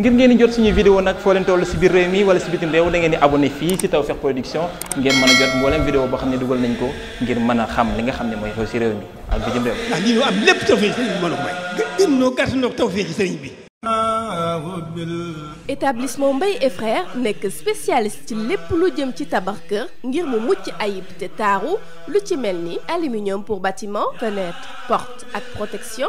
ngir ngeen di jot suñu vidéo nag foo leen toll si biir réew mi wala si bitim réew da ngeen di abonné fii si Tawfekh Production ngeen mën a jot mboolem vidéo boo xam ne dugal nañ ko ngir mën a xam li nga xam ne mooy xew si réew mi ak bitim réew. ndax lii ñu am lépp Tawfekh sëriñ bi mën a may. gën noo gàtt noo Tawfekh nekk spécialiste ci lépp lu jëm ci tabax kër ngir mu mucc ayib te taaru lu ci mel ni aluminium pour bâtiment fenêtre porte ak protection.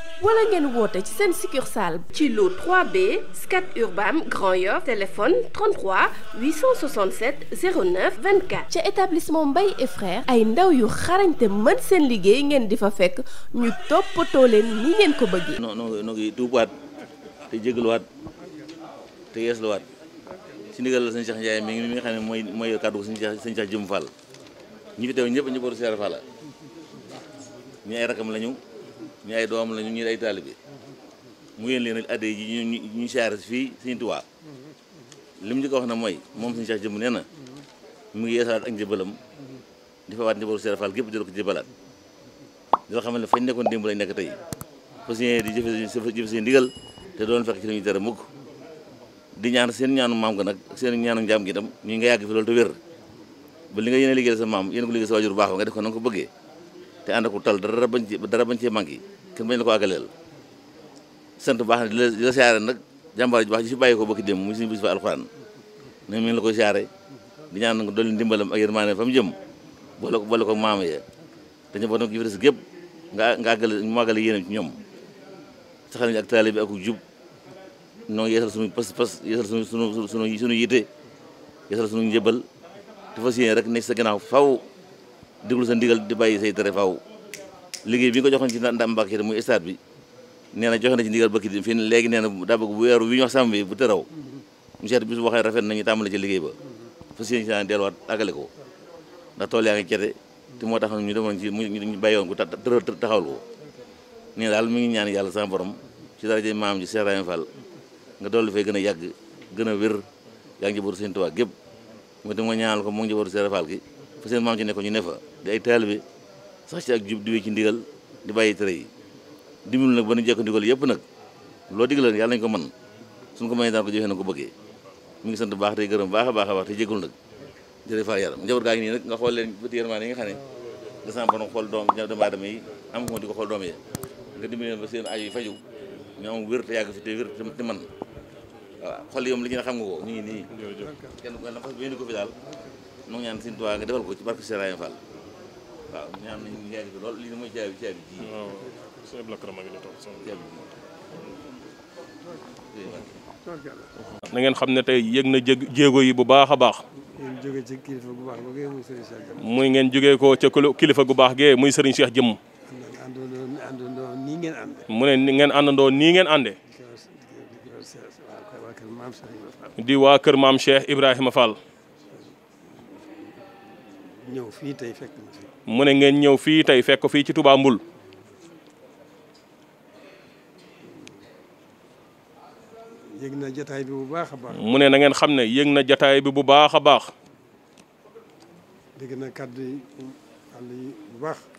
wala ngeen woote ci seen succursale ci lu 3B Scat Urbam Grand Yoff téléphone 33 867 09 24 ca établissement Mbaye et ay ndaw yu xarañte mën seen liggéey ngeen di fa fekk ñu toppatoo leen ni ngeen ko bëggee non non no ngi tuubaat te jégaluwaat te yeesluwaat ci ndigal la sëñ Cheikh Ndiaye mi ngi xam ne mooy kàddu ko sëñ Cheikh sëñ Cheikh Jëm ñu fi teew ñëpp ñu boru seer Fall ñu lañu ñu ay doom la ñu ñu ay taalibe mu yéen leen adde yi ñu ñu saare fii Sëriñ Tuubaa li mu njëkk wax na mooy moom Sëriñ Cheikh jëmm nee na mu ngi yeesalaat ak njëbalam di fa waat njëbalu Serigne Fall gépp jël ko jëbalaat di la fañ nekkoon démb lañ nekk tey fas yéene di jëfe jëfe seen ndigal te doon fekk ci lañuy dara mukk di ñaan seen ñaanu maam ko nag seen ñaanu njaam gi itam ñu nga yàgg fi loolu te wér ba li nga yéene liggéeyal sa maam yéen ko liggéeyal sa waajur baax ba nga def ko na ko bëggee te ànd ak tal dara bañ ci dara bañ cee manqué kenn bañ la ko àggaleel sant baax na di la siyaare nag jàmbaar ji baax ji si bàyyi ko bokki dem mu suñu bis fa alxuraan ne mi ngi la koy siyaare di ñaan nag dolli ndimbalam ak yërmaane fa jëm boole ko boole ko maama ya dañu boo nag jifres nga nga yéenam ci ñoom saxal ak taalibe bi ak jub noo ngi yeesal suñu pas pas yeesal suñu suñu suñu suñu yite yeesal suñu njëbal te fas yéene rek nekk sa gannaaw faw déglu sa ndigal di bàyyi say tere faaw liggéey bi nga ko joxoon ci ndam Mbàkke itam muy stade bi na joxe na ci ndigal bëkki di na daa bëgg bu weeru wi ñu wax sàmm bi bu bi su waxee rafet nañu tàmbali ci liggéey ba fas yéene ci ko ndax tool yaa ngi cete moo tax ñu demoon ci ñu bàyyi woon ko taxawal ko nii daal mu ngi ñaan yàlla sama borom ci daraje maam ji Cheikh Ibrahima Fall nga dolli fee gën a yàgg gën a wér yaa ngi jëboor seen tubaab gépp moo tax ma ñaanal ko mu ngi jëboor Cheikh Fall gi fa seen maam ci nekkoon ñu ne fa di ay taalibe sax ci ak jub di wéy ci ndigal di bàyyi tere yi dimbalu nag ba nu jekko ndigal yëpp nag loo digaloon yàlla nañu ko man suñ ko mënee daan ko joxee na ko bëggee mi ngi sant baax tey gërëm baax baax a baax te jégalu nag jërëjëf Fatou yaram njaboot gaa nga xool leen bët yërmaane yi nga xam ne nga xool doom doomu aadama yi am ko di ko xool seen ay yi faju ñu am wér te yàgg fi te wér te man xol yoom li ñu xam nga ko ñu ngi nii kenn ku ne fas yéene ko fi daal nu ngi ñaan ko ci barke Serigne Fall waaw lool lii mooy caabi caabi ji. na ngeen xam ne tey yëg na jé jéego yi bu baax a baax. muy ngeen jógee ko ca kilifa gu baax gee muy Serigne Cheikh Jëmm. mu ne ngeen àndandoo nii ngeen àndee. di waa kër maam Cheikh Ibrahima Fall. ñëw fii tey fekk na fi. mu ne ngeen ñëw fii tey fekk fii ci Touba Mbul. yëg na jataay bi bu baax a baax. mu ne na ngeen xam ne yëg na jataay bi bu baax a baax. dégg na kàddu yi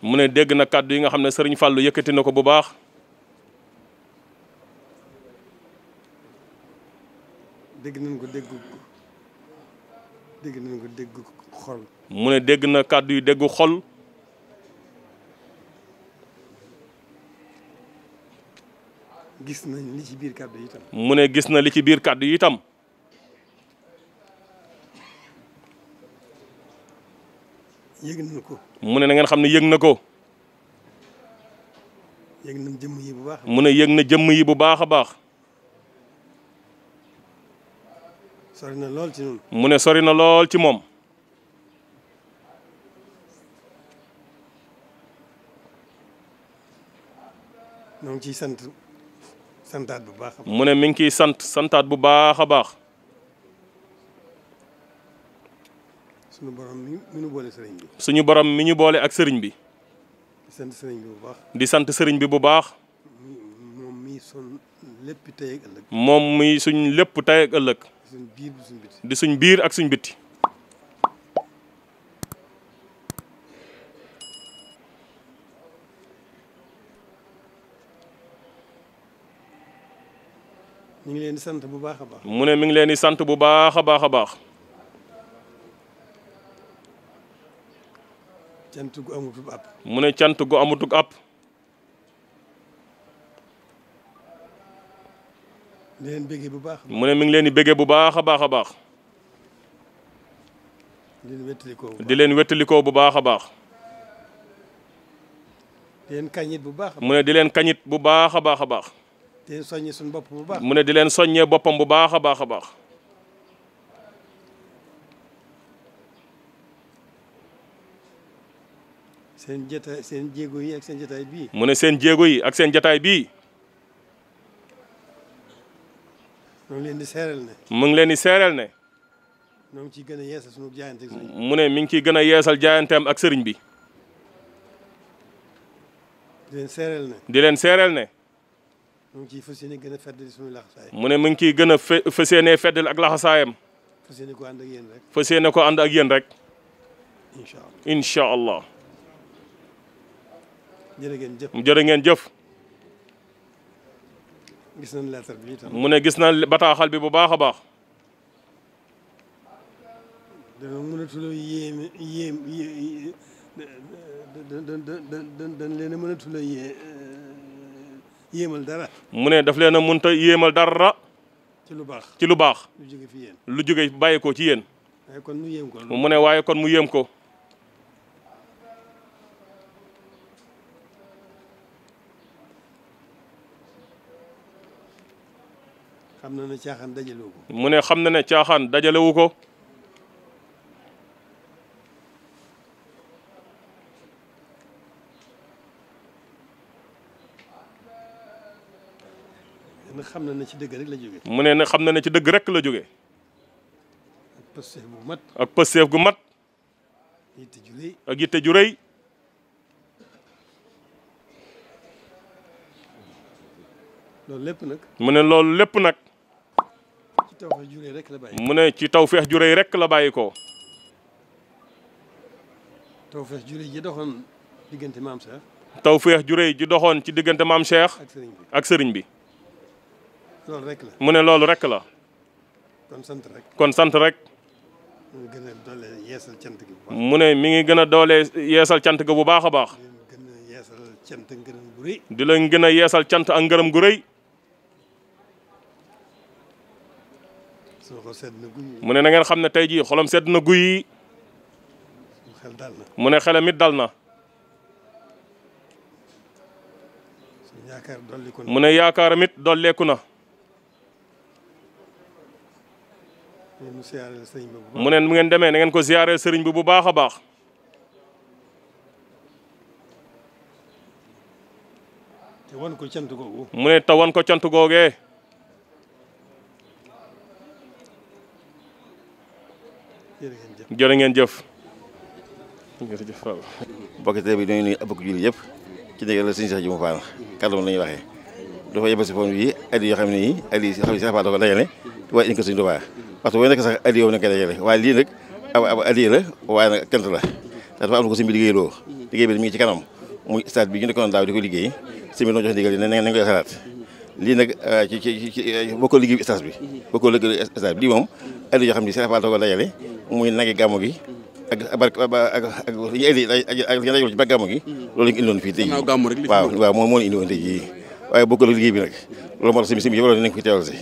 mu ne dégg na kàddu yi nga xam ne sëriñ Fàllu yëkkati na ko bu baax. dégg nañ ko dégg dégg mu ne dégg na kàddu yu dégg xol gis na biir kàddu yi mu ne gis na li ci biir kàddu yi itam yëg na ko mu ne na xam ne yëg na ko yëg na jëmm yi mu ne yëg na jëmm yi bu baax a baax sori na lool mu ne sori na lool ci moom ñoo ngi ciy sant santaat bu baax mu ne mi ngi ciy sant santaat bu baax a baax. suñu borom mi ñu boole sëriñ suñu borom mi ñu boole ak sëriñ bi. di sant sëriñ bi bu baax. di sant sëriñ bi bu baax. moom mi suñ lépp tey suñ lépp tey ak ëllëg. di suñ biir ak suñ bitti. ñu ngi leen di sant bu baax a baax. mu ne mi ngi leen di sant bu baax a baax a baax. cant gu amutug àpp. mu ne cant gu amutug àpp. di leen béggee bu baax. mu ne mi ngi leen di béggee bu baax a baax a baax. di leen wettalikoo bu di leen wettalikoo bu baax a baax. di leen bu baax. mu ne di leen kañit bu baax a baax a baax. di leen soññee suñu bopp bu baax. mu ne di leen soññee boppam bu baax a baax a baax. seen jotaay seen jéego yi ak seen jotaay bii. mu ne seen jéego yi ak seen jotaay bii. mu ngi leen di seeral ne. mu ngi leen di seeral ne. mu ngi ciy gën a yeesal sunu mu ne mi ngi ciy gën a yeesal jaayanteem ak sëriñ bi. di leen seeral di leen seeral ne. mu ki ciy fas yéene gën a feddali suñu laxasaay. mu ne mu ngi ciy gën a fe fas yéene feddali ak laxasaayam. fas yéene ko ànd ak yéen rek. fas yéene ko ànd ak yéen rek. incha allah incha allah. jërë ngeen jëf jërë jëf. gis nañ lettre bi mu ne gis nañ bataaxal bi bu baax a baax. dana mënatul a yéeme yéem dañ leen a mënatul a yee. yéemal dara. mu ne daf leen a mënta yéemal dara. ci lu baax ci lu baax. jóge fi yéen lu jóge bàyyi ko ci yéen. waaye kon mu yéem ko mu ne waaye kon mu yéem ko. xam na ne caaxaan dajalewu mu ne xam na ne caaxaan dajalewu ko. nag xam na ne ci dëgg rek la jógee. mu ne xam na ne ci dëgg rek la jógee. ak pësteef gu mat. ak pësteef gu ju rëy loolu lépp nag. mu ne loolu lépp nag. ci tawfeex ju rëy rek la bàyyi. mu ci tawfeex ju rëy rek la bàyyi ko. tawfeex ju rëy ji doxoon diggante maam Cheikh. ju rëy ji doxoon ci diggante maam Cheikh. ak sëriñ ak sëriñ bi. loolu rek la mu ne loolu rek la. kon sant rek kon sant rek. mu ngi cant gi mu mi ngi gën a doole yeesal cant ga bu baax a baax. di la gën a yeesal cant ak ngërëm gu rëy. mu ne na ngeen xam ne tey jii xolam sedd na guy. mu ne xelam it dal na. mu ne yaakaaram it dolleeku na. mu ne mu ngeen demee na ngeen ko ziyaareel sëriñ bi bu baax a baax. te wan mu ne te wan ko cant googee. jërë ngeen jëf jërë ngeen jëf. jërëjëf waaw. mbokk bi dañuy nuyu abokk julli yëpp ci dégg la suñu sax ji mu faal kàddu la ñuy waxee dafa yebal si yi bii Aliou yoo xam ne nii Aliou yoo xam ne si dafa dajale waaye indi ko suñu Tuubaa waxtu booy nekk sax addi yow na koy dajale waaye lii nag ab ab addi la waaye nag kent la dafa am na ko sëñ bi liggéey loo liggéey bi mi ngi ci kanam muy stade bi ñu nekkoon daaw di ko liggéey sëñ bi doon jox ndigal ne nañ koy xalaat lii nag ci ci ci bokkoo liggéey bi stade bi bokkoo liggéey stade bi lii moom addi yoo xam ne Sëriñ Fall da ko dajale muy nagi gàmmu gi ak ak ak ak li ñu indi ak li ñu dajale ci ba gàmmu gi loolu ñu indiloon fii tey waaw waaw moom moo ñu indiwoon tey jii waaye bokkul ak liggéey bi nag loolu moo tax sëñ bi sëñ bi yëpp loolu nañ ko teewal si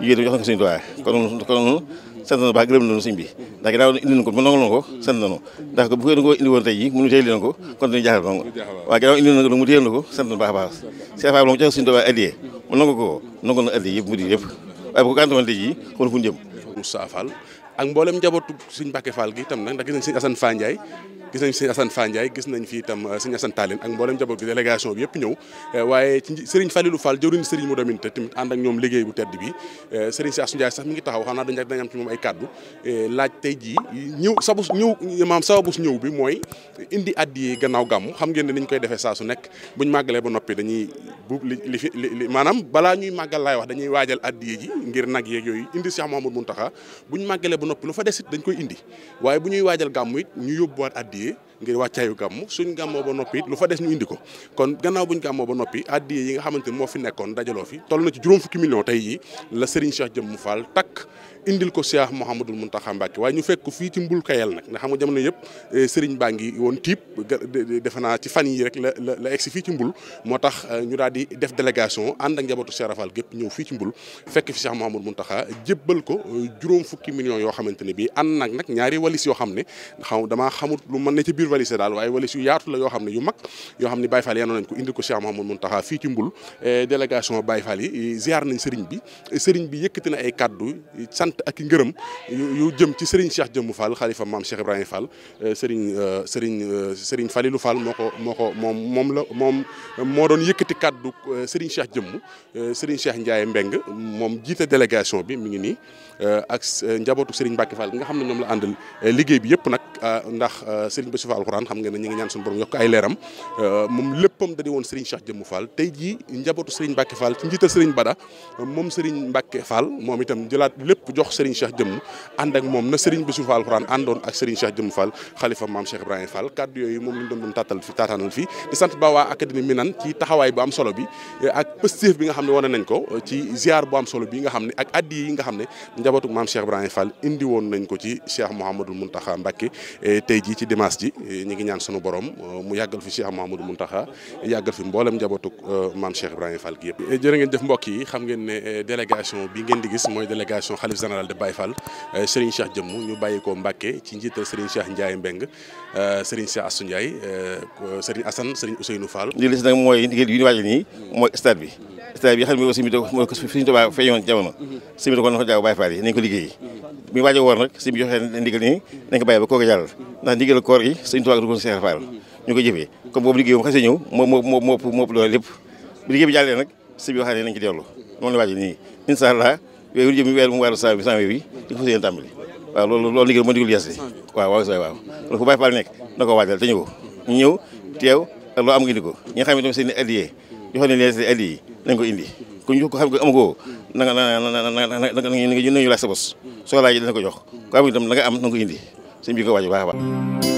yéen jox na ko suñu doyen kon kon sant na baax gërëm nañu sëñ bi ndax ginnaaw indi nañu ko bu nangul ko sant ko ko indi woon tey jii mu téye leen ko kon dañu jaaxal waaye indi nañu ko mu téye ko sant nañu baax a baax si affaire bi mu jox suñu doyen addiyee mu nangu ko nangu na addiyee yëpp mu di yëpp waaye bu ko gàntuwoon tey jii kon fu ñu jëm Moussa Fall ak mboolem njabootu suñ Mbàkke Fall gi itam nag ndax gis nañ suñ Assane Fa gis nañ sëñ Assane Fall Ndiaye gis nañ fi itam euh, sëñ Assane Tallinn ak mboolem njaboot gi délégation bi yëpp ñëw euh, waaye ci Serigne Falilou Fall jëwriñ Serigne Modou Aminta tamit ànd ak ñoom liggéey bu tedd bi euh, Serigne si Assane Ndiaye sax mi ngi taxaw xam naa dañ mooy indi addiye gannaaw gàmm xam ngeen ne niñ koy defee saa su nekk buñ màggalee ba noppi dañuy bu li li maanaam balaa ñuy màggal laay wax dañuy waajal addiye ji ngir nag yeeg yooyu indi Cheikh Mouhamadou Mountakha buñ màggalee ba noppi lu fa desit dañ koy indi waaye bu ñuy waajal gàmm it ñu yóbbuwaat addiye ngir wàccaayu gàmmu suñ gàmmoo ba noppi lu fa des ñu indi ko kon gannaaw buñ gàmmoo ba noppi addiye yi nga xamante ni moo fi nekkoon dajaloo fi toll na ci juróom fukki million tey yi la Serigne Cheikh Jëmm faal takk indil ko Cheikh Mouhamadul Mountakha Mbacké waaye ñu fekk ko fii ci mbul kayel nag eh, naa ci fan yi rek la la la egsi moo tax eh, ñu daal di def délégation ànd ak njabootu Cheikh Rafal gépp ñëw fii ci mbul fekk fi Cheikh Mouhamadul Mountakha jébbal ko eh, juróom fukki millions yoo ne bii ànd nag nag ñaari walis yoo xam ne xaw damaa xamut lu mën ne ci biir walis daal waaye walis yu yaatu la yoo xam ne yu mag yoo xam ne Baye Fall yenoon nañ ko indil ko Cheikh Mouhamadul Mountakha fii ci mbul délégation Baye yi ziar nañ sëriñ bi sëriñ bi yëkkati na ay kàddu sant cant ak i ngërëm yu jëm ci sëriñ Cheikh jëmm Fall xalifa maam Cheikh Ibrahima Fall euh, Serigne euh, Serigne euh, Serigne Falilou Fall moo ko moo ko moom moom la moom moo doon yëkkati kàddu Serigne Cheikh Jëmm Serigne Cheikh Ndiaye Mbeng moom jiite délégation bi mi ngi nii ak njabootu Serigne Mbacke Fall nga xam ne ñoom la àndal liggéey bi yëpp nag ndax Serigne Bassirou Fall alxuraan xam nga ne ñu ngi ñaan suñu borom yokk ay leeram moom léppam da woon Serigne Cheikh Jëmmu Fall tey jii njabootu Serigne Mbacke Fall ci njiital Serigne Bada moom Serigne Mbacke Fall moom itam jëlaat lépp jox Serigne Cheikh jëmm ànd moom na Serigne Bassirou Fall Alxuraan àndoon ak Serigne Cheikh jëmm Fall xalifa maam Cheikh Ibrahima Fall kaddu yooyu bi ak pëstéef bi nga xam ne wane nañ ko am yi nga xam ne njabootu maam Cheikh Ibrahima Fall indi ko ci Cheikh Mouhamadul Mountakha Mbacké eh, tey jii ci dimanche ji eh, ñu ngi ñaan sunu borom eh, mu yàggal fi Cheikh Mouhamadul Mountakha yàggal fi mboolem njabootu maam Cheikh Ibrahima Fall gi yëpp jërë ngeen jëf mbokk yi xam ngeen ne délégation bi ngeen di gis mooy délégation xalif général de Baye Fall euh, Serigne Cheikh Jëmm ñu bàyyi ko Mbacke ci njiital Serigne Cheikh Ndiaye Mbeng euh, Serigne Cheikh Assou Ndiaye euh, Serigne Assane Serigne Ousseynou nag mooy liggéey bi. stade bi nga xam ne aussi mooy ko fi ñu tubaab feeñoon jamono. sëñ bi da ko doon jaaw Baye a nii nañ bàyyi ba kooku jàll. ndax liggéey moom xasee ñëw moo moo moo ëpp doole dellu noonu la waaj nii incha allah weeru jëm weer mu weer saa bi saa bi di ko fas yéene tàmbali waaw loolu loolu ndigal moo ndigal yees li waaw waaw saa waaw loolu fu Baay Faal nekk na ko waajal te ñëw ñu ñëw teew ak am nga indi ko ñi xam ne tamit ko indi ku ko xam nga amagoo na nga na nga ñu laaj sa bos soo laajee dina ko jox ku am itam nga am na nga a